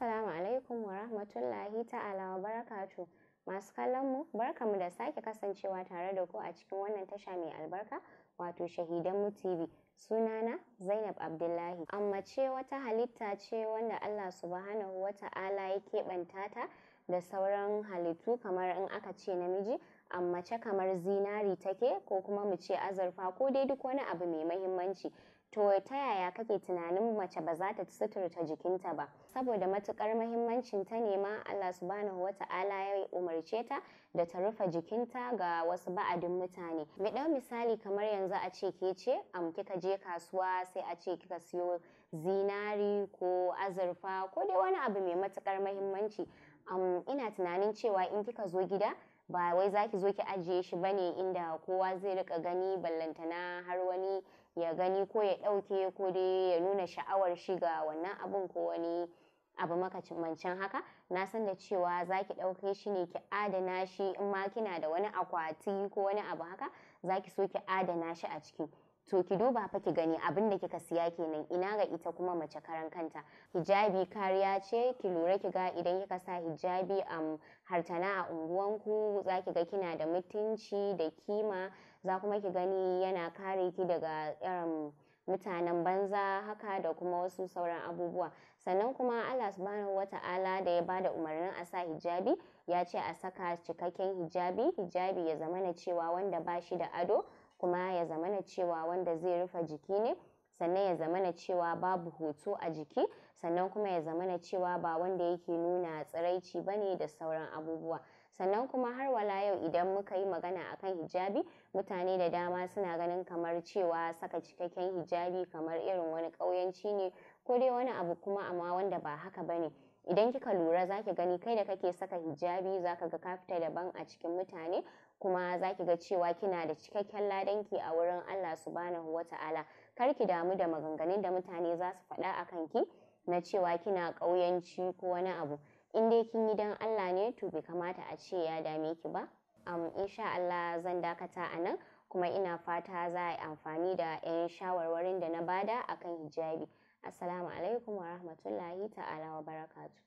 Assalamu alaikum wa rahmatullahi ta'ala wa barakatu. Masu kallon mu da sake kasancewa tare da ku a cikin wannan tasha mai albarka, wato Shahidanmu TV. Sunana Zainab Abdullahi. Amma ce wata halitta ce wanda Allah subhanahu wa ta'ala ya keɓanta ta da sauran halittu kamar in aka ce namiji a mace kamar zinari take ko kuma mu ce azurfa ko dai duk wani abu mai mahimmanci to ta yaya kake tunanin mace ba za ta suturta jikinta ba saboda matukar mahimmancin ta ne ma Allah subhanahu Ta'ala ya umarce ta da ta rufe jikinta ga wasu ba'adin mutane mu dau misali kamar yanzu a ce ke ce am kika je kasuwa sai a ce kika siyo zinari ko azurfa ko dai wani abu mai matukar mahimmanci um, ina tunanin cewa in kika zo gida ba wai za ki zo ki ajiye shi ba ne inda kowa zai rika gani ballantana har wani ya gani ko ya ɗauke ko dai ya nuna sha'awar shi ga wannan abun ko wani abu makamancin haka na san da cewa za ki ɗauke shi ne ki adana shi in ma kina da wani akwati ko wani abu haka za ki so ki adana shi a ciki to ki duba fa ki gani abin da kika siya kenan ina ga ita kuma mace karan kanta hijabi kariya ce ki lura ki ga idan kika sa hijabi am hartana a unguwanku za ki ga kina da mutunci da kima za kuma ki gani yana kare ki daga irin mutanen banza haka da kuma wasu sauran abubuwa sannan kuma Allah subhanahu wata'ala da ya bada umarnin a sa hijabi ya ce a saka cikakken hijabi hijabi ya zamana cewa wanda ba shi da ado kuma ya zamana cewa wanda zai rufe jiki ne sannan ya zamana cewa babu hoto a jiki sannan kuma ya zamana cewa ba wanda yake nuna tsiraici ba ne da sauran abubuwa sannan kuma har wala yau idan muka yi magana akan hijabi mutane da dama suna ganin kamar cewa saka cikakken hijabi kamar irin wani ƙauyanci ne ko dai wani abu kuma amma wanda ba haka ba ne idan kika lura zaki gani kai da kake saka hijabi za ka ga ka fita daban a cikin mutane kuma zaki ga cewa kina da cikakken ladanki a wurin Allah subhanahu ta'ala kar ki damu da maganganun da mutane za su faɗa a kanki na cewa kina ƙauyanci ko wani abu in dai kin yi dan Allah ne to bai kamata a ce ya dame ki ba um, insha Allah zan dakata a nan kuma ina fata za a yi amfani da 'yan shawarwarin da na bada akan hijabi. Assalamu alaikum wa rahmatullahi ta'ala wa barakatu.